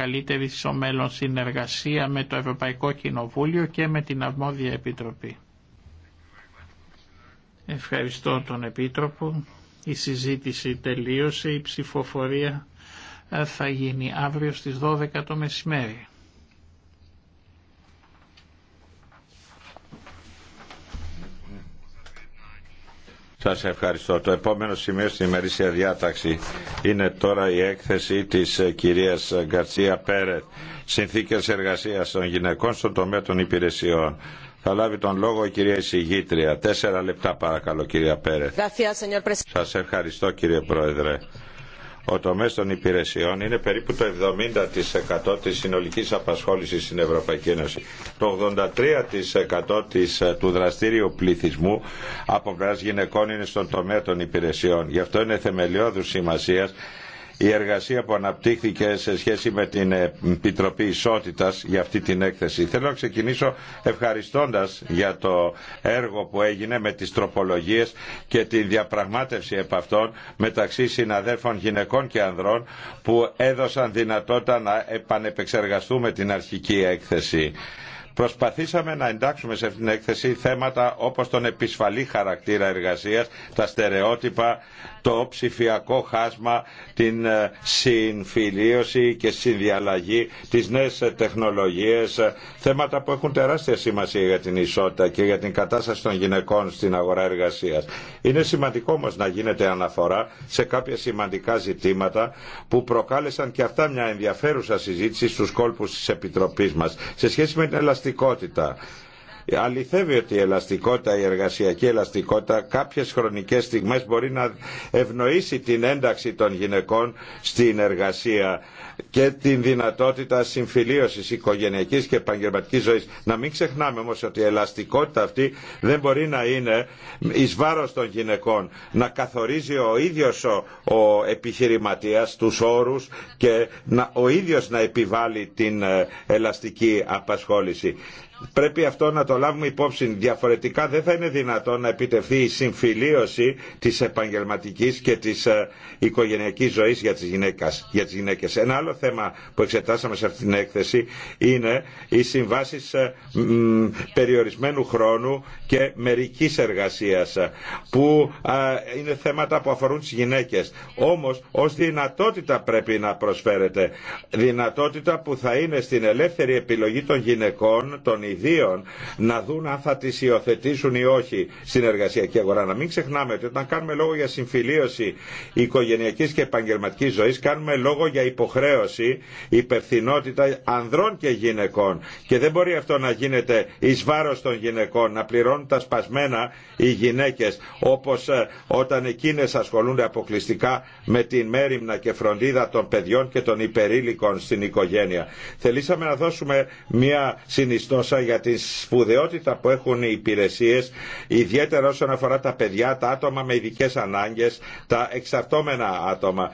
καλύτερη στο μέλλον συνεργασία με το Ευρωπαϊκό Κοινοβούλιο και με την Αρμόδια Επιτροπή. Ευχαριστώ τον Επίτροπο. Η συζήτηση τελείωσε. Η ψηφοφορία ε, θα γίνει αύριο στις 12 το μεσημέρι. Σας ευχαριστώ. Το επόμενο σημείο στην ημερήσια διάταξη είναι τώρα η έκθεση της ε, κυρίας Γκαρσία Πέρετ «Συνθήκες εργασίας των γυναικών στον τομέα των υπηρεσιών». Θα λάβει τον λόγο η κυρία εισηγήτρια. Τέσσερα λεπτά παρακαλώ κυρία Πέρετ. Σας ευχαριστώ κύριε Πρόεδρε. Ο τομέας των υπηρεσιών είναι περίπου το 70% της συνολικής απασχόλησης στην Ευρωπαϊκή Ένωση. Το 83% της, ε, του δραστήριου πληθυσμού από πλευράς γυναικών είναι στον τομέα των υπηρεσιών. Γι' αυτό είναι θεμελιώδους σημασίας η εργασία που αναπτύχθηκε σε σχέση με την ε, Επιτροπή Ισότητας για αυτή την έκθεση. Θέλω να ξεκινήσω ευχαριστώντας για το έργο που έγινε με τις τροπολογίες και τη διαπραγμάτευση επ' αυτών μεταξύ συναδέλφων γυναικών και ανδρών που έδωσαν δυνατότητα να επανεπεξεργαστούμε την αρχική έκθεση. Προσπαθήσαμε να εντάξουμε σε αυτήν την έκθεση θέματα όπως τον επισφαλή χαρακτήρα εργασίας, τα στερεότυπα, το ψηφιακό χάσμα, την ε, συμφιλίωση και συνδιαλλαγή, τις νέες ε, τεχνολογίες, ε, θέματα που έχουν τεράστια σημασία για την ισότητα και για την κατάσταση των γυναικών στην αγορά εργασίας. Είναι σημαντικό όμως να γίνεται αναφορά σε κάποια σημαντικά ζητήματα που προκάλεσαν και αυτά μια ενδιαφέρουσα συζήτηση στους κόλπους της Επιτροπής μας σε σχέση με την ελαστικότητα αληθεύει ότι η ελαστικότητα, η εργασιακή ελαστικότητα κάποιες χρονικές στιγμές μπορεί να ευνοήσει την ένταξη των γυναικών στην εργασία και την δυνατότητα συμφιλίωσης οικογενειακής και επαγγελματικής ζωής. Να μην ξεχνάμε όμως ότι η ελαστικότητα αυτή δεν μπορεί να είναι εις βάρος των γυναικών. Να καθορίζει ο ίδιος ο, ο επιχειρηματίας τους όρους και να, ο ίδιος να επιβάλλει την ε, ελαστική απασχόληση. Πρέπει αυτό να το λάβουμε υπόψη. Διαφορετικά δεν θα είναι δυνατόν να επιτευχθεί η συμφιλίωση της επαγγελματικής και της ε, οικογενειακής ζωής για τις, γυναίκες, Ένα άλλο θέμα που εξετάσαμε σε αυτήν την έκθεση είναι οι συμβάσεις ε, περιορισμένου χρόνου και μερικής εργασίας που ε, είναι θέματα που αφορούν τις γυναίκες. Όμως ως δυνατότητα πρέπει να προσφέρεται. Δυνατότητα που θα είναι στην ελεύθερη επιλογή των γυναικών, των ιδίων να δουν αν θα τις υιοθετήσουν ή όχι στην εργασιακή αγορά. Να μην ξεχνάμε ότι όταν κάνουμε λόγο για συμφιλίωση οικογενειακής και επαγγελματικής ζωής κάνουμε λόγο για υποχρέωση, υπευθυνότητα ανδρών και γυναικών και δεν μπορεί αυτό να γίνεται εις βάρος των γυναικών, να πληρώνουν τα σπασμένα οι γυναίκες όπως ε, όταν εκείνες ασχολούνται αποκλειστικά με την μέρημνα και φροντίδα των παιδιών και των υπερήλικων στην οικογένεια. Θελήσαμε να δώσουμε μια συνιστόσα για τη σπουδαιότητα που έχουν οι υπηρεσίες, ιδιαίτερα όσον αφορά τα παιδιά, τα άτομα με ειδικέ ανάγκες, τα εξαρτώμενα άτομα.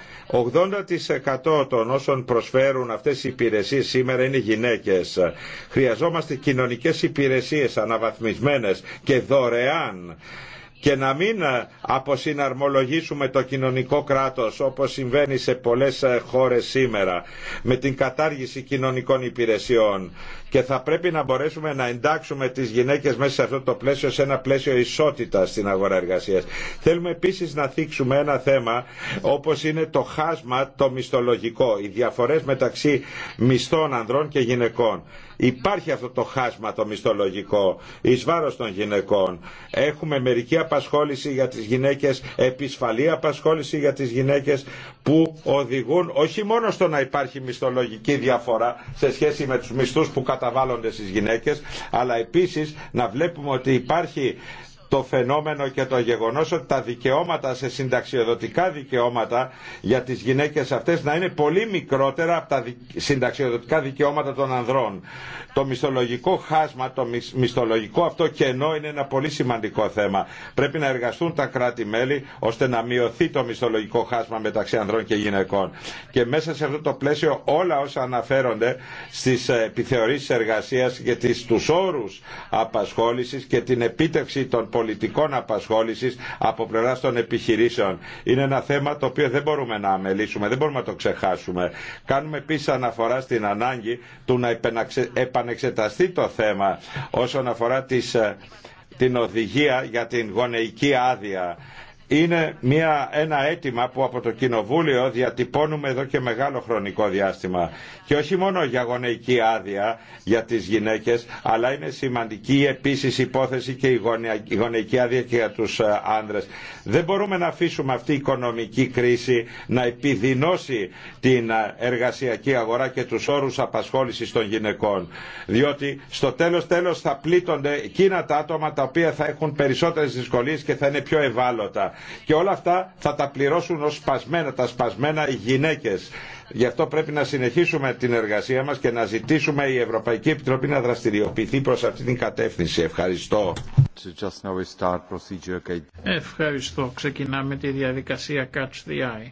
80% των όσων προσφέρουν αυτές οι υπηρεσίες σήμερα είναι γυναίκες. Χρειαζόμαστε κοινωνικές υπηρεσίες αναβαθμισμένες και δωρεάν και να μην ε, αποσυναρμολογήσουμε το κοινωνικό κράτος όπως συμβαίνει σε πολλές ε, χώρες σήμερα με την κατάργηση κοινωνικών υπηρεσιών και θα πρέπει να μπορέσουμε να εντάξουμε τις γυναίκες μέσα σε αυτό το πλαίσιο σε ένα πλαίσιο ισότητας στην αγορά εργασίας. Θέλουμε επίσης να θίξουμε ένα θέμα όπως είναι το χάσμα το μισθολογικό, οι διαφορές μεταξύ μισθών ανδρών και γυναικών. Υπάρχει αυτό το χάσμα το μισθολογικό εις βάρος των γυναικών. Έχουμε μερική απασχόληση για τις γυναίκες, επισφαλή απασχόληση για τις γυναίκες που οδηγούν όχι μόνο στο να υπάρχει μισθολογική διαφορά σε σχέση με τους μισθούς που καταβάλλονται στις γυναίκες, αλλά επίσης να βλέπουμε ότι υπάρχει το φαινόμενο και το γεγονός ότι τα δικαιώματα σε συνταξιοδοτικά δικαιώματα για τις γυναίκες αυτές να είναι πολύ μικρότερα από τα συνταξιοδοτικά δικαιώματα των ανδρών. Το μισθολογικό χάσμα, το μισθολογικό αυτό κενό είναι ένα πολύ σημαντικό θέμα. Πρέπει να εργαστούν τα κράτη-μέλη ώστε να μειωθεί το μισθολογικό χάσμα μεταξύ ανδρών και γυναικών. Και μέσα σε αυτό το πλαίσιο όλα όσα αναφέρονται στις ε, επιθεωρήσεις εργασίας για τους όρους απασχόλησης και την επίτευξη των πολιτικών απασχόλησης από πλευρά των επιχειρήσεων. Είναι ένα θέμα το οποίο δεν μπορούμε να αμελήσουμε, δεν μπορούμε να το ξεχάσουμε. Κάνουμε επίση αναφορά στην ανάγκη του να επανεξεταστεί το θέμα όσον αφορά τις, ε, την οδηγία για την γονεϊκή άδεια είναι μια, ένα αίτημα που από το Κοινοβούλιο διατυπώνουμε εδώ και μεγάλο χρονικό διάστημα. Και όχι μόνο για γονεϊκή άδεια για τις γυναίκες, αλλά είναι σημαντική επίσης υπόθεση και η, γονεϊκή άδεια και για τους ε, άνδρες. Δεν μπορούμε να αφήσουμε αυτή η οικονομική κρίση να επιδεινώσει την ε, εργασιακή αγορά και τους όρους απασχόλησης των γυναικών. Διότι στο τέλος τέλος θα πλήττονται εκείνα τα άτομα τα οποία θα έχουν περισσότερες δυσκολίες και θα είναι πιο ευάλωτα και όλα αυτά θα τα πληρώσουν ως σπασμένα, τα σπασμένα οι γυναίκες. Γι' αυτό πρέπει να συνεχίσουμε την εργασία μας και να ζητήσουμε η Ευρωπαϊκή Επιτροπή να δραστηριοποιηθεί προς αυτή την κατεύθυνση. Ευχαριστώ. Ευχαριστώ. Ξεκινάμε τη διαδικασία Catch the Eye.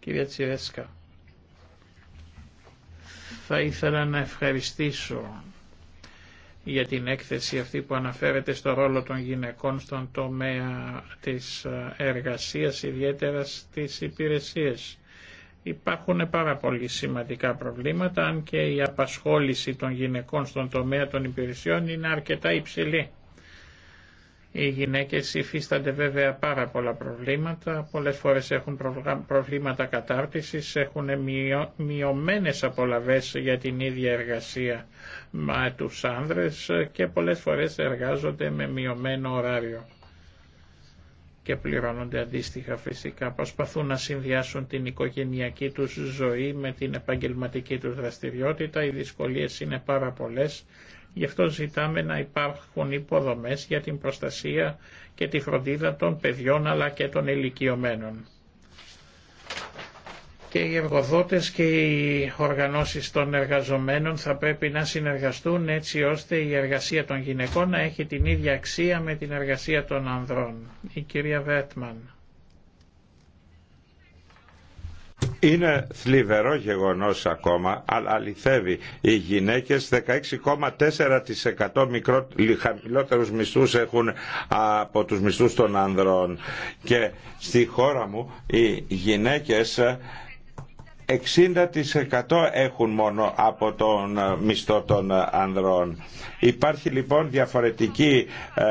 Κυρία Τσιρέσκα. Θα ήθελα να ευχαριστήσω για την έκθεση αυτή που αναφέρεται στο ρόλο των γυναικών στον τομέα της ε, εργασίας, ιδιαίτερα στις υπηρεσίες. Υπάρχουν πάρα πολύ σημαντικά προβλήματα, αν και η απασχόληση των γυναικών στον τομέα των υπηρεσιών είναι αρκετά υψηλή. Οι γυναίκες υφίστανται βέβαια πάρα πολλά προβλήματα, πολλές φορές έχουν προβλήματα κατάρτισης, έχουν μειωμένε μειωμένες απολαβές για την ίδια εργασία με τους άνδρες και πολλές φορές εργάζονται με μειωμένο ωράριο και πληρώνονται αντίστοιχα φυσικά. Προσπαθούν να συνδυάσουν την οικογενειακή τους ζωή με την επαγγελματική τους δραστηριότητα. Οι δυσκολίες είναι πάρα πολλές Γι' αυτό ζητάμε να υπάρχουν υποδομές για την προστασία και τη φροντίδα των παιδιών αλλά και των ηλικιωμένων. Και οι εργοδότες και οι οργανώσεις των εργαζομένων θα πρέπει να συνεργαστούν έτσι ώστε η εργασία των γυναικών να έχει την ίδια αξία με την εργασία των ανδρών. Η κυρία Βέτμαν. Είναι θλιβερό γεγονός ακόμα, αλλά αληθεύει. Οι γυναίκες 16,4% μικρό, χαμηλότερους μισθούς έχουν από τους μισθούς των ανδρών. Και στη χώρα μου οι γυναίκες 60% έχουν μόνο από τον ε, μισθό των ε, ανδρών. Υπάρχει λοιπόν διαφορετική ε,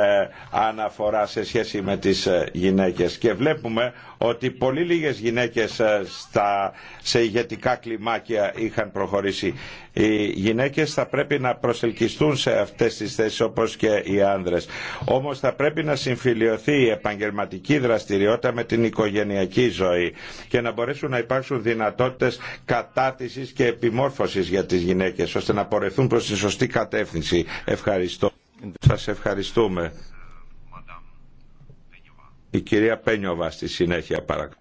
αναφορά σε σχέση με τις γυναίκες και βλέπουμε ότι πολύ λίγες γυναίκες στα, σε ηγετικά κλιμάκια είχαν προχωρήσει. Οι γυναίκες θα πρέπει να προσελκυστούν σε αυτές τις θέσεις όπως και οι άνδρες. Όμως θα πρέπει να συμφιλειωθεί η επαγγελματική δραστηριότητα με την οικογενειακή ζωή και να μπορέσουν να υπάρξουν δυνατότητες κατάτησης και επιμόρφωσης για τις γυναίκες ώστε να πορεθούν προς τη σωστή κατεύθυνση. Ευχαριστώ. Σας ευχαριστούμε. Η κυρία Πένιοβα στη συνέχεια παρακαλώ.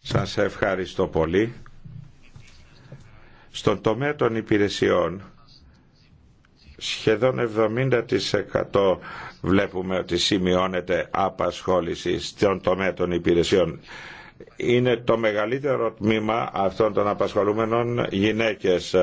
Σας ευχαριστώ πολύ. Στον τομέα των υπηρεσιών σχεδόν 70% βλέπουμε ότι σημειώνεται απασχόληση στον τομέα των υπηρεσιών είναι το μεγαλύτερο τμήμα αυτών των απασχολούμενων γυναίκες.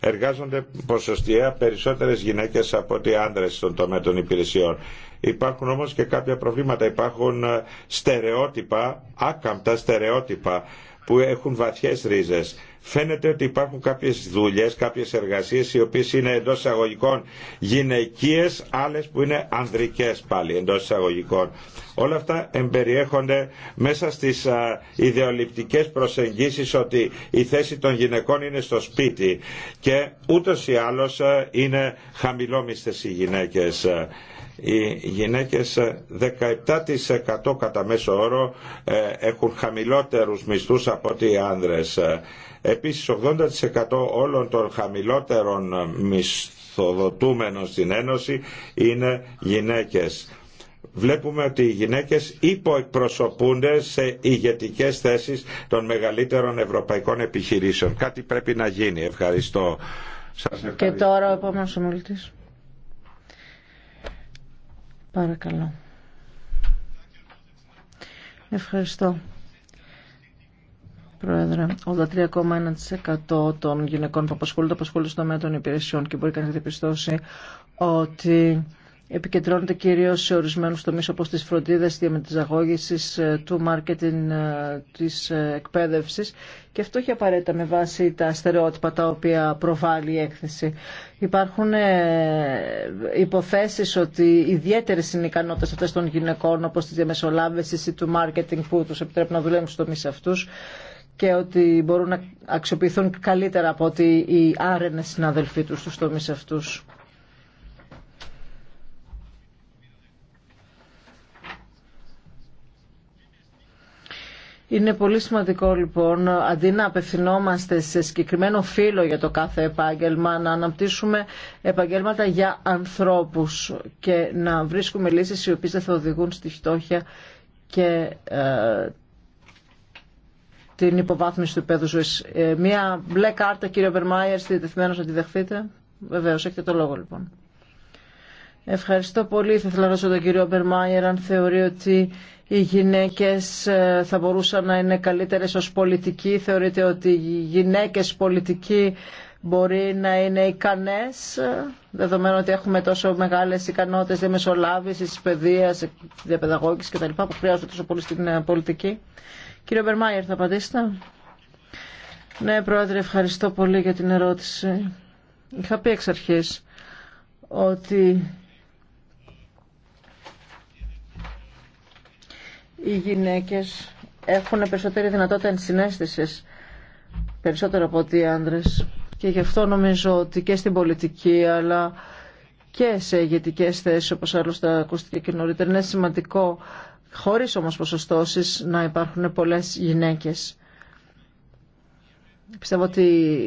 Εργάζονται ποσοστιαία περισσότερες γυναίκες από ότι άντρες στον τομέα των υπηρεσιών. Υπάρχουν όμως και κάποια προβλήματα. Υπάρχουν ε, στερεότυπα, άκαμπτα στερεότυπα που έχουν βαθιές ρίζες φαίνεται ότι υπάρχουν κάποιες δουλειές, κάποιες εργασίες οι οποίες είναι εντός εισαγωγικών γυναικείες, άλλες που είναι ανδρικές πάλι εντός εισαγωγικών. Όλα αυτά εμπεριέχονται μέσα στις α, ιδεολειπτικές προσεγγίσεις ότι η θέση των γυναικών είναι στο σπίτι και ούτως ή άλλως είναι χαμηλόμιστες οι γυναίκες οι γυναίκες 17% κατά μέσο όρο ε, έχουν χαμηλότερους μισθούς από ότι οι άνδρες Επίσης 80% όλων των χαμηλότερων μισθοδοτούμενων στην Ένωση είναι γυναίκες. Βλέπουμε ότι οι γυναίκες υποεκπροσωπούνται σε ηγετικές θέσεις των μεγαλύτερων ευρωπαϊκών επιχειρήσεων. Κάτι πρέπει να γίνει. Ευχαριστώ. Σας ευχαριστώ. Και τώρα ο επόμενος ομιλητής. Παρακαλώ. Ευχαριστώ. Πρόεδρε, 83,1% των γυναικών που απασχολούνται απασχολούνται στο τομέα των υπηρεσιών και μπορεί κανείς να διαπιστώσει ότι επικεντρώνεται κυρίως σε ορισμένους τομείς όπως τις φροντίδες, διαμετζαγώγησης, ε, του μάρκετινγκ, ε, της ε, εκπαίδευσης και αυτό έχει απαραίτητα με βάση τα στερεότυπα τα οποία προβάλλει η έκθεση. Υπάρχουν υποθέσεις ότι ιδιαίτερε είναι οι ικανότητες αυτές των γυναικών όπως τη διαμεσολάβηση ή του μάρκετινγκ που τους επιτρέπουν να δουλεύουν στους τομείς αυτούς και ότι μπορούν να αξιοποιηθούν καλύτερα από ότι οι άρενες συναδελφοί τους στους τομείς αυτούς. Είναι πολύ σημαντικό λοιπόν αντί να απευθυνόμαστε σε συγκεκριμένο φύλλο για το κάθε επάγγελμα να αναπτύσσουμε επαγγέλματα για ανθρώπους και να βρίσκουμε λύσεις οι οποίες θα οδηγούν στη φτώχεια και ε, την υποβάθμιση του επέδου ζωή. Ε, μία μπλε κάρτα, κύριε Μπερμάιερ, στη δεθμένος να τη δεχθείτε. Βεβαίως, έχετε το λόγο λοιπόν. Ευχαριστώ πολύ. Θα ήθελα να ρωτήσω τον κύριο Μπερμάιερ αν θεωρεί ότι οι γυναίκε ε, θα μπορούσαν να είναι καλύτερε ω πολιτικοί. Θεωρείτε ότι οι γυναίκε πολιτικοί μπορεί να είναι ικανέ. Ε, δεδομένου ότι έχουμε τόσο μεγάλες ικανότητες διαμεσολάβηση, παιδεία, διαπαιδαγώγηση κτλ. που χρειάζονται τόσο πολύ στην ε, πολιτική. Κύριε Μπερμάιερ, θα απαντήσετε. Ναι, Πρόεδρε, ευχαριστώ πολύ για την ερώτηση. Είχα πει εξ αρχής ότι οι γυναίκες έχουν περισσότερη δυνατότητα ενσυναίσθησης περισσότερο από ότι οι άντρες και γι' αυτό νομίζω ότι και στην πολιτική αλλά και σε ηγετικέ θέσει, όπως άλλωστε ακούστηκε και νωρίτερα, είναι σημαντικό χωρίς όμως ποσοστώσεις να υπάρχουν πολλές γυναίκες. Πιστεύω ότι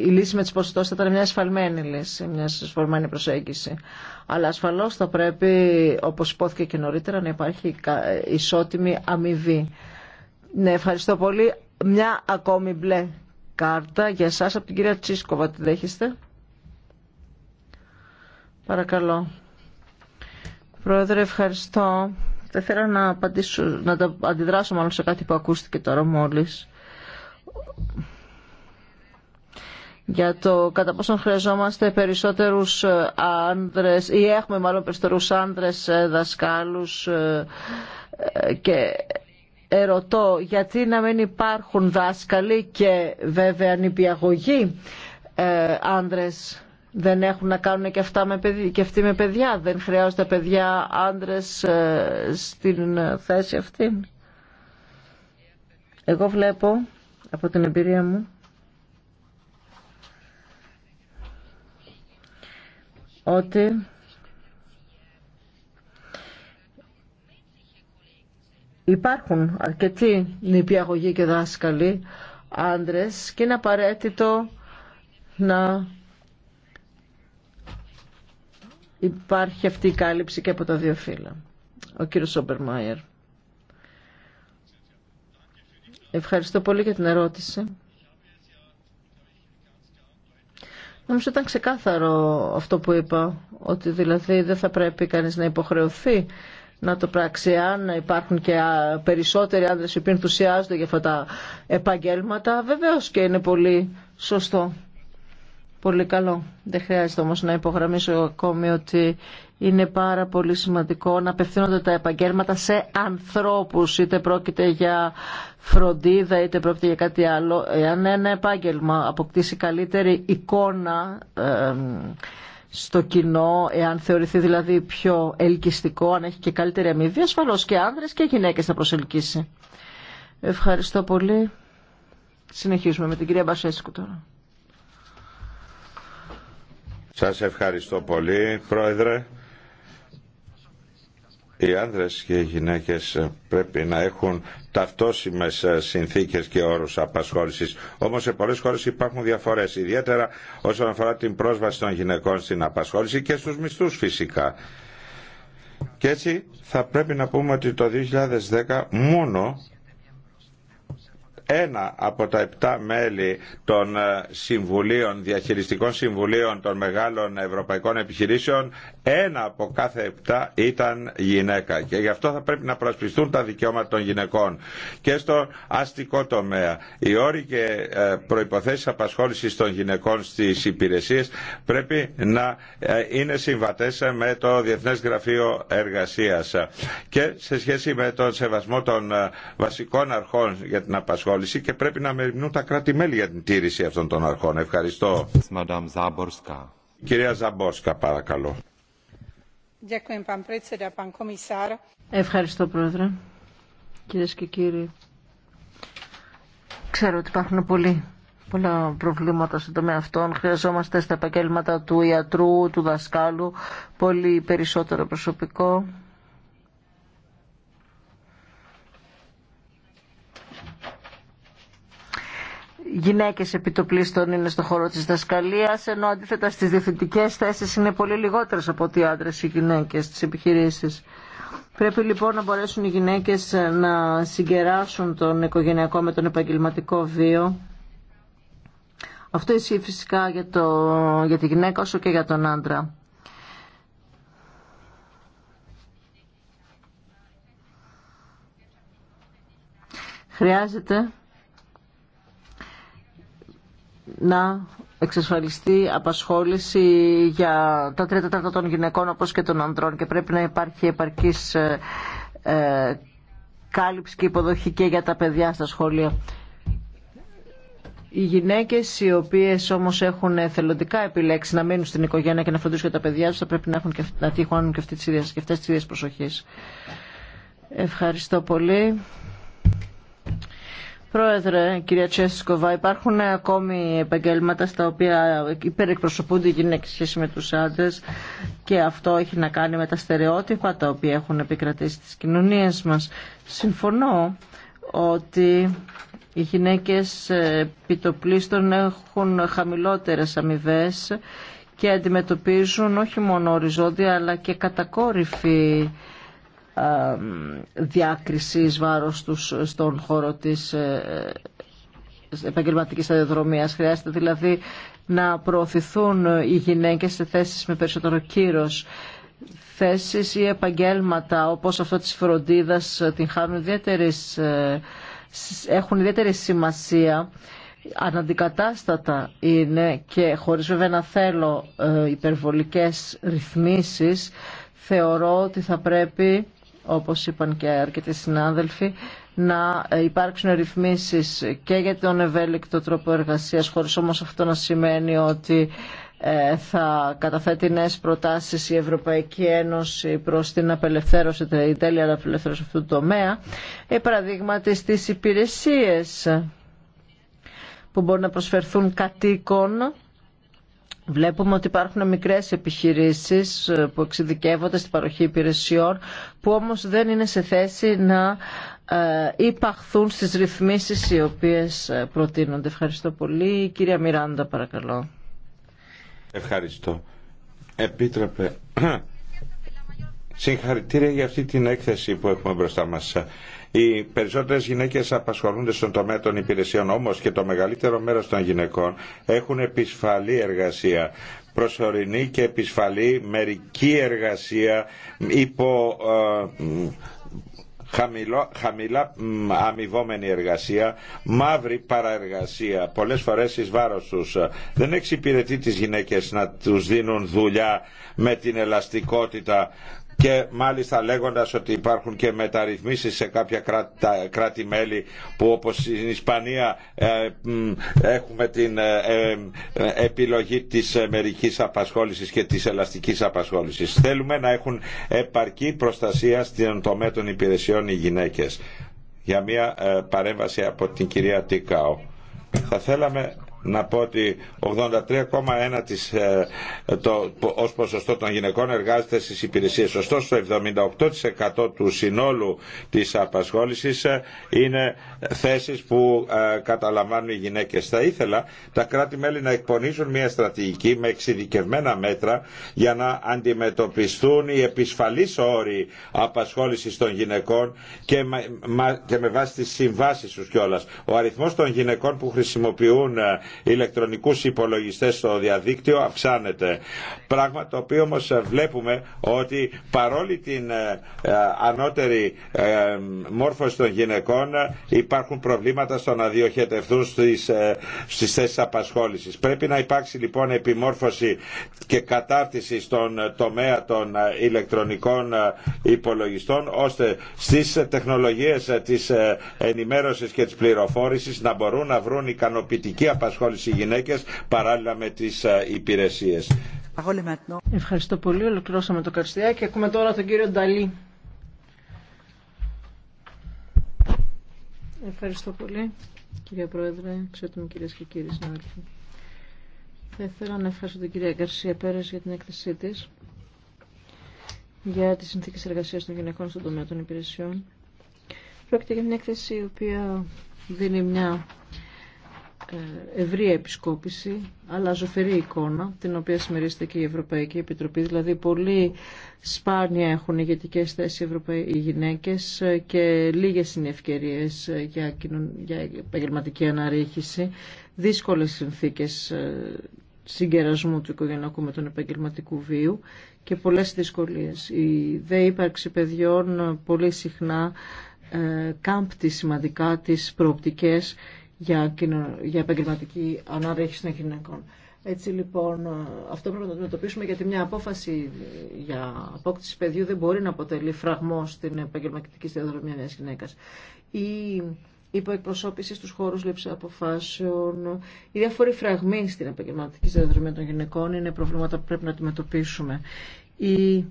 η λύση με τις ποσοστώσεις θα ήταν μια ασφαλμένη λύση, μια ασφαλμένη προσέγγιση. Αλλά ασφαλώς θα πρέπει, όπως υπόθηκε και νωρίτερα, να υπάρχει ισότιμη αμοιβή. Ναι, ευχαριστώ πολύ. Μια ακόμη μπλε κάρτα για εσάς από την κυρία Τσίσκοβα. Τη δέχεστε. Παρακαλώ. Πρόεδρε, ευχαριστώ. Θα ήθελα να, απαντήσω, να τα αντιδράσω μάλλον σε κάτι που ακούστηκε τώρα μόλις. Για το κατά πόσον χρειαζόμαστε περισσότερους ε, άνδρες ή έχουμε μάλλον περισσότερους άνδρες ε, δασκάλους ε, και ερωτώ γιατί να μην υπάρχουν δάσκαλοι και βέβαια νηπιαγωγοί άνδρες δεν έχουν να κάνουν και, αυτά με και αυτοί με παιδιά. Δεν χρειάζονται παιδιά άντρες ε, στην θέση αυτή. Εγώ βλέπω από την εμπειρία μου ότι υπάρχουν αρκετοί νηπιαγωγοί και δάσκαλοι άντρες και είναι απαραίτητο να υπάρχει αυτή η κάλυψη και από τα δύο φύλλα. Ο κύριος Σόμπερμαϊερ. Ευχαριστώ πολύ για την ερώτηση. Νομίζω ήταν ξεκάθαρο αυτό που είπα, ότι δηλαδή δεν θα πρέπει κανείς να υποχρεωθεί να το πράξει. Αν υπάρχουν και περισσότεροι άντρες που ενθουσιάζονται για αυτά τα επαγγέλματα, βεβαίως και είναι πολύ σωστό πολύ καλό. Δεν χρειάζεται όμως να υπογραμμίσω ακόμη ότι είναι πάρα πολύ σημαντικό να απευθύνονται τα επαγγέλματα σε ανθρώπους, είτε πρόκειται για φροντίδα, είτε πρόκειται για κάτι άλλο. Εάν ένα επάγγελμα αποκτήσει καλύτερη εικόνα στο κοινό, εάν θεωρηθεί δηλαδή πιο ελκυστικό, αν έχει και καλύτερη αμοιβή, ασφαλώ και άνδρες και γυναίκες θα προσελκύσει. Ευχαριστώ πολύ. Συνεχίζουμε με την κυρία Μπασέσκου τώρα. Σας ευχαριστώ πολύ, Πρόεδρε. Οι άνδρες και οι γυναίκες πρέπει να έχουν ταυτόσιμες συνθήκες και όρους απασχόλησης. Όμως σε πολλές χώρες υπάρχουν διαφορές, ιδιαίτερα όσον αφορά την πρόσβαση των γυναικών στην απασχόληση και στους μισθούς φυσικά. Και έτσι θα πρέπει να πούμε ότι το 2010 μόνο ένα από τα επτά μέλη των ε, συμβουλίων, διαχειριστικών συμβουλίων των μεγάλων ευρωπαϊκών επιχειρήσεων ένα από κάθε επτά ήταν γυναίκα και γι' αυτό θα πρέπει να προσπιστούν τα δικαιώματα των γυναικών και στο αστικό τομέα. Οι όροι και ε, προϋποθέσεις απασχόλησης των γυναικών στις υπηρεσίες πρέπει να ε, είναι συμβατές με το Διεθνές Γραφείο Εργασίας και σε σχέση με τον σεβασμό των ε, βασικών αρχών για την απασχόληση και πρέπει να μεριμνούν τα κράτη-μέλη για την τήρηση αυτών των αρχών. Ευχαριστώ. Κυρία Ζαμπόσκα, παρακαλώ. Ευχαριστώ, Πρόεδρε. Κυρίε και κύριοι, ξέρω ότι υπάρχουν πολλά προβλήματα στον τομέα αυτών. Χρειαζόμαστε στα επαγγέλματα του ιατρού, του δασκάλου, πολύ περισσότερο προσωπικό. γυναίκες επιτοπλίστων είναι στο χώρο της δασκαλίας, ενώ αντίθετα στι διευθυντικέ θέσει είναι πολύ λιγότερε από ότι οι άντρες ή γυναίκες στις επιχειρήσεις. Πρέπει λοιπόν να μπορέσουν οι γυναίκες να συγκεράσουν τον οικογενειακό με τον επαγγελματικό βίο. Αυτό ισχύει φυσικά για, το, για τη γυναίκα όσο και για τον άντρα. Χρειάζεται να εξασφαλιστεί απασχόληση για τα τρίτα τέταρτα των γυναικών όπως και των ανδρών και πρέπει να υπάρχει επαρκής ε, ε, κάλυψη και υποδοχή και για τα παιδιά στα σχολεία. Οι γυναίκες οι οποίες όμως έχουν θελοντικά επιλέξει να μείνουν στην οικογένεια και να φροντίσουν για τα παιδιά τους θα πρέπει να, έχουν να τύχουν και, αυτή τις ίδιες, και αυτές τις ίδιες προσοχές. Ευχαριστώ πολύ. Πρόεδρε, κυρία Τσέσκοβα, υπάρχουν ακόμη επαγγέλματα στα οποία υπερεκπροσωπούνται οι γυναίκε σχέση με του άντρε και αυτό έχει να κάνει με τα στερεότυπα τα οποία έχουν επικρατήσει στις κοινωνίε μα. Συμφωνώ ότι οι γυναίκες επιτοπλίστων έχουν χαμηλότερες αμοιβέ και αντιμετωπίζουν όχι μόνο οριζόντια αλλά και κατακόρυφη διάκρισης βάρος τους στον χώρο της ε, ε, επαγγελματικής αδειοδρομίας. Χρειάζεται δηλαδή να προωθηθούν οι γυναίκες σε θέσεις με περισσότερο κύρος. Θέσεις ή επαγγέλματα όπως αυτό της φροντίδας την χάνουν ιδιαίτερης, ε, έχουν ιδιαίτερη σημασία αναντικατάστατα είναι και χωρίς βέβαια να θέλω υπερβολικές ρυθμίσεις θεωρώ ότι θα πρέπει όπως είπαν και αρκετοί συνάδελφοι, να υπάρξουν ρυθμίσεις και για τον ευέλικτο τρόπο εργασίας, χωρίς όμως αυτό να σημαίνει ότι ε, θα καταθέτει νέε προτάσεις η Ευρωπαϊκή Ένωση προς την απελευθέρωση, η τέλεια απελευθέρωση αυτού του τομέα, ε, παραδείγματι στις υπηρεσίες που μπορούν να προσφερθούν κατοίκων Βλέπουμε ότι υπάρχουν μικρές επιχειρήσεις ε, που εξειδικεύονται στην παροχή υπηρεσιών που όμως δεν είναι σε θέση να ε, υπαχθούν στις ρυθμίσεις οι οποίες ε, προτείνονται. Ευχαριστώ πολύ. Κυρία Μιράντα παρακαλώ. Ευχαριστώ. Επίτροπε, συγχαρητήρια για αυτή την έκθεση που έχουμε μπροστά μας. Οι περισσότερε γυναίκε απασχολούνται στον τομέα των υπηρεσιών, όμω και το μεγαλύτερο μέρο των γυναικών έχουν επισφαλή εργασία προσωρινή και επισφαλή μερική εργασία υπό ε, χαμηλά αμοιβόμενη εργασία, μαύρη παραεργασία, πολλές φορές εις βάρος τους. Δεν εξυπηρετεί τις γυναίκες να τους δίνουν δουλειά με την ελαστικότητα και μάλιστα λέγοντας ότι υπάρχουν και μεταρρυθμίσεις σε κάποια κράτη-μέλη που όπως στην Ισπανία ε, έχουμε την ε, ε, επιλογή της μερικής απασχόλησης και της ελαστικής απασχόλησης. Θέλουμε να έχουν επαρκή προστασία στην τομέα των υπηρεσιών οι γυναίκες. Για μια παρέμβαση από την κυρία Τίκαο. Θα θέλαμε να πω ότι 83,1% ε, το, ως ποσοστό των γυναικών εργάζεται στις υπηρεσίες. Ωστόσο το 78% του συνόλου της απασχόλησης ε, είναι θέσεις που ε, καταλαμβάνουν οι γυναίκες. Θα ήθελα τα κράτη-μέλη να εκπονήσουν μια στρατηγική με εξειδικευμένα μέτρα για να αντιμετωπιστούν οι επισφαλείς όροι απασχόλησης των γυναικών και με, και με βάση τις συμβάσεις τους κιόλας. Ο αριθμός των γυναικών που χρησιμοποιούν ηλεκτρονικούς υπολογιστές στο διαδίκτυο αυξάνεται. Πράγμα το οποίο όμως βλέπουμε ότι παρόλη την ε, ε, ανώτερη ε, μόρφωση των γυναικών υπάρχουν προβλήματα στο να διοχετευτούν στις, στις θέσεις απασχόλησης. Πρέπει να υπάρξει λοιπόν επιμόρφωση και κατάρτιση στον τομέα των ηλεκτρονικών υπολογιστών ώστε στις τεχνολογίες της ενημέρωσης και της πληροφόρησης να μπορούν να βρουν ικανοποιητική απασχόληση απασχόληση γυναίκες παράλληλα με τις ε, υπηρεσίες. Ευχαριστώ πολύ. Ολοκληρώσαμε το Καρστιά και ακούμε τώρα τον κύριο Νταλή. Ευχαριστώ πολύ, κυρία Πρόεδρε, εξαιρετούμε κυρίες και κύριοι συνάδελφοι. Θα ήθελα να ευχαριστώ την κυρία Γκαρσία Πέρες για την έκθεσή τη για τις συνθήκες εργασίας των γυναικών στον τομέα των υπηρεσιών. Πρόκειται για μια έκθεση η οποία δίνει μια ε, ευρία επισκόπηση, αλλά ζωφερή εικόνα, την οποία συμμερίζεται και η Ευρωπαϊκή Επιτροπή. Δηλαδή, πολύ σπάνια έχουν ηγετικέ θέσει οι γυναίκε και λίγε είναι ευκαιρίε για, για επαγγελματική αναρρίχηση. Δύσκολε συνθήκε ε, συγκερασμού του οικογενειακού με τον επαγγελματικού βίου και πολλές δυσκολίε. Η δε ύπαρξη παιδιών πολύ συχνά ε, κάμπτει σημαντικά τις προοπτικές για, για επαγγελματική ανάδειξη των γυναικών. Έτσι λοιπόν αυτό πρέπει να το αντιμετωπίσουμε γιατί μια απόφαση για απόκτηση παιδιού δεν μπορεί να αποτελεί φραγμό στην επαγγελματική σταδιοδρομία μια γυναίκα. Η υποεκπροσώπηση στου χώρου λήψη αποφάσεων, οι διάφοροι φραγμοί στην επαγγελματική σταδιοδρομία των γυναικών είναι προβλήματα που πρέπει να αντιμετωπίσουμε. Η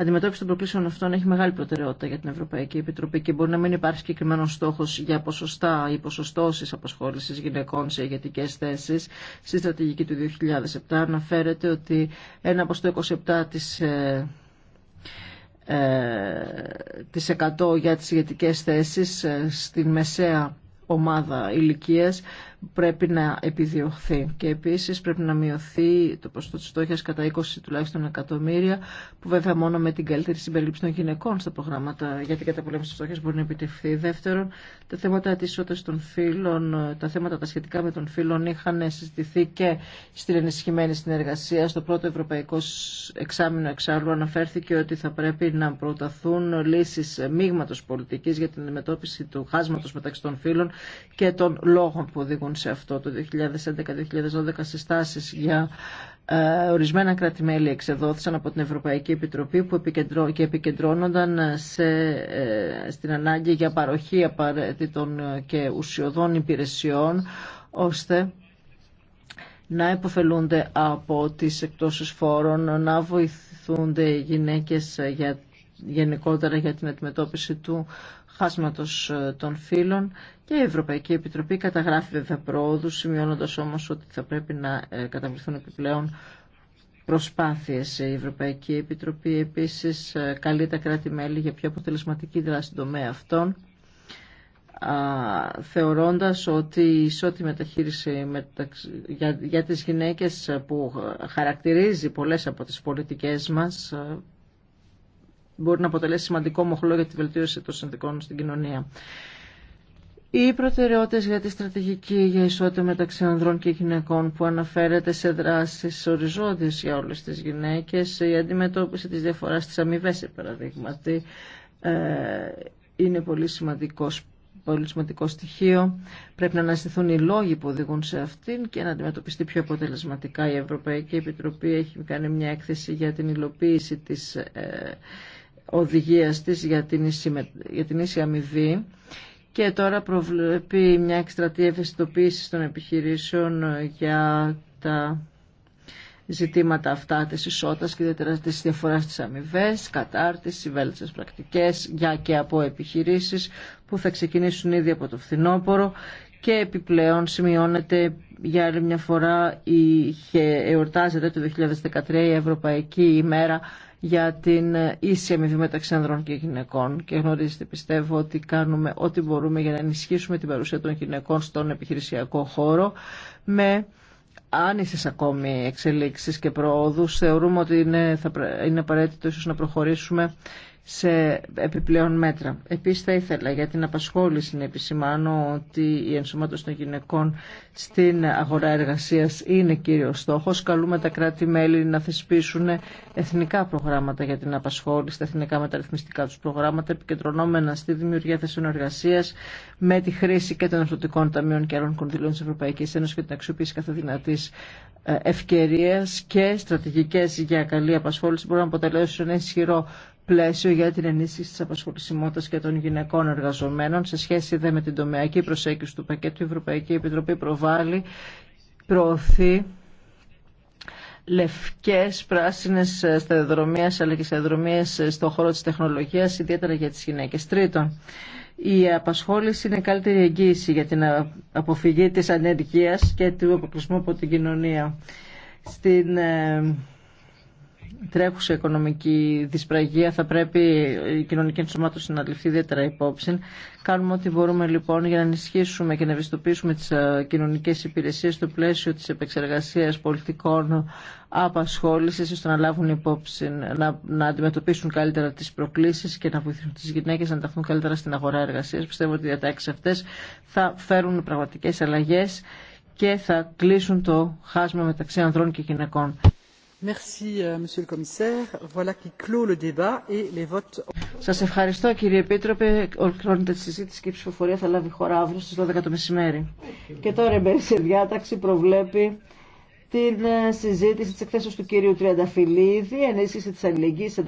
αντιμετώπιση των προκλήσεων αυτών έχει μεγάλη προτεραιότητα για την Ευρωπαϊκή Επιτροπή και μπορεί να μην υπάρχει συγκεκριμένο στόχο για ποσοστά ή ποσοστώσει αποσχόληση γυναικών σε ηγετικέ θέσει. Στη στρατηγική του 2007 αναφέρεται ότι ένα από το 27 της, της 100 για τις ηγετικές θέσεις ε, στην μεσαία ομάδα ηλικίας πρέπει να επιδιωχθεί. Και επίσης πρέπει να μειωθεί το ποσοστό της στόχιας κατά 20 τουλάχιστον εκατομμύρια, που βέβαια μόνο με την καλύτερη συμπερίληψη των γυναικών στα προγράμματα για την καταπολέμηση της στόχιας μπορεί να επιτευχθεί. Δεύτερον, τα θέματα της ισότητας των φύλων, τα θέματα τα σχετικά με τον φύλων είχαν συζητηθεί και στην ενισχυμένη συνεργασία. Στο πρώτο ευρωπαϊκό εξάμεινο εξάλλου αναφέρθηκε ότι θα πρέπει να προταθούν λύσεις μείγματος πολιτικής για την αντιμετώπιση του χάσματος μεταξύ των φύλων και των λόγων που οδηγούν σε αυτό το 2011-2012 συστάσεις για ε, ορισμένα κράτη-μέλη εξεδόθησαν από την Ευρωπαϊκή Επιτροπή που και επικεντρώνονταν σε, ε, στην ανάγκη για παροχή απαραίτητων και ουσιοδών υπηρεσιών ώστε να υποφελούνται από τις εκτόσεις φόρων, να βοηθούνται οι γυναίκες για γενικότερα για την αντιμετώπιση του χάσματος ε, των φύλων και η Ευρωπαϊκή Επιτροπή καταγράφει βέβαια πρόοδου, σημειώνοντας όμως ότι θα πρέπει να ε, καταβληθούν επιπλέον προσπάθειες. Η Ευρωπαϊκή Επιτροπή επίσης ε, καλεί τα κράτη-μέλη για πιο αποτελεσματική δράση στον τομέα αυτών θεωρώντας ότι η ισότιμη μεταχείριση για τις γυναίκες που χαρακτηρίζει πολλές από τις πολιτικές μας μπορεί να αποτελέσει σημαντικό μοχλό για τη βελτίωση των συνδικών στην κοινωνία. Οι προτεραιότητες για τη στρατηγική για ισότητα μεταξύ ανδρών και γυναικών που αναφέρεται σε δράσεις οριζόντιες για όλες τις γυναίκες, η αντιμετώπιση της διαφοράς της αμοιβέ, παραδείγματι, ε, είναι πολύ σημαντικό, στοιχείο. Πρέπει να αναστηθούν οι λόγοι που οδηγούν σε αυτήν και να αντιμετωπιστεί πιο αποτελεσματικά. Η Ευρωπαϊκή Επιτροπή έχει κάνει μια έκθεση για την υλοποίηση της ε, οδηγίας της για την ίση, για την αμοιβή και τώρα προβλέπει μια εκστρατεία ευαισθητοποίηση των επιχειρήσεων για τα ζητήματα αυτά της ισότητας και ιδιαίτερα της διαφοράς της αμοιβέ, κατάρτιση, βέλτιστες πρακτικές για και από επιχειρήσεις που θα ξεκινήσουν ήδη από το φθινόπωρο και επιπλέον σημειώνεται για άλλη μια φορά είχε εορτάζεται το 2013 η Ευρωπαϊκή ημέρα για την ίση αμοιβή μεταξύ ανδρών και γυναικών και γνωρίζετε πιστεύω ότι κάνουμε ό,τι μπορούμε για να ενισχύσουμε την παρουσία των γυναικών στον επιχειρησιακό χώρο με άνησες ακόμη εξελίξεις και προόδους θεωρούμε ότι είναι, θα, είναι απαραίτητο ίσως να προχωρήσουμε σε επιπλέον μέτρα. Επίσης θα ήθελα για την απασχόληση να επισημάνω ότι η ενσωμάτωση των γυναικών στην αγορά εργασίας είναι κύριος στόχος. Καλούμε τα κράτη-μέλη να θεσπίσουν εθνικά προγράμματα για την απασχόληση, τα εθνικά μεταρρυθμιστικά τους προγράμματα επικεντρωνόμενα στη δημιουργία θέσεων εργασίας με τη χρήση και των ευρωτικών ταμείων και άλλων κονδυλών της Ευρωπαϊκής Ένωσης και την αξιοποίηση κάθε δυνατής ε, ευκαιρίας και στρατηγικές για καλή απασχόληση μπορούν να αποτελέσουν ένα ισχυρό πλαίσιο για την ενίσχυση της απασχολησιμότητας και των γυναικών εργαζομένων σε σχέση δε με την τομεακή προσέγγιση του πακέτου η Ευρωπαϊκή Επιτροπή προβάλλει, προωθεί λευκές, πράσινες σταδιοδρομίες αλλά και σταδιοδρομίες στον χώρο της τεχνολογίας, ιδιαίτερα για τις γυναίκες. Τρίτον, η απασχόληση είναι καλύτερη εγγύηση για την αποφυγή της ανεργίας και του αποκλεισμού από την κοινωνία. Στην ε, τρέχουσα οικονομική δυσπραγία θα πρέπει η κοινωνική ενσωμάτωση να ληφθεί ιδιαίτερα υπόψη. Κάνουμε ό,τι μπορούμε λοιπόν για να ενισχύσουμε και να ευαισθητοποιήσουμε τις ε, κοινωνικές υπηρεσίες στο πλαίσιο της επεξεργασίας πολιτικών απασχόλησης ώστε να λάβουν υπόψη, να, να αντιμετωπίσουν καλύτερα τις προκλήσεις και να βοηθήσουν τις γυναίκες να ενταχθούν καλύτερα στην αγορά εργασίας. Πιστεύω ότι οι διατάξει αυτές θα φέρουν πραγματικέ αλλαγές και θα κλείσουν το χάσμα μεταξύ ανδρών και γυναικών. Σας ευχαριστώ κύριε Επίτροπε. Ολοκληρώνεται τη συζήτηση και η ψηφοφορία θα λάβει χώρα αύριο στις 12 το μεσημέρι. Και τώρα η σε διάταξη προβλέπει την ε, συζήτηση της εκθέσεως του κύριου Τριανταφυλλίδη, ενίσχυση της αλληλεγγύης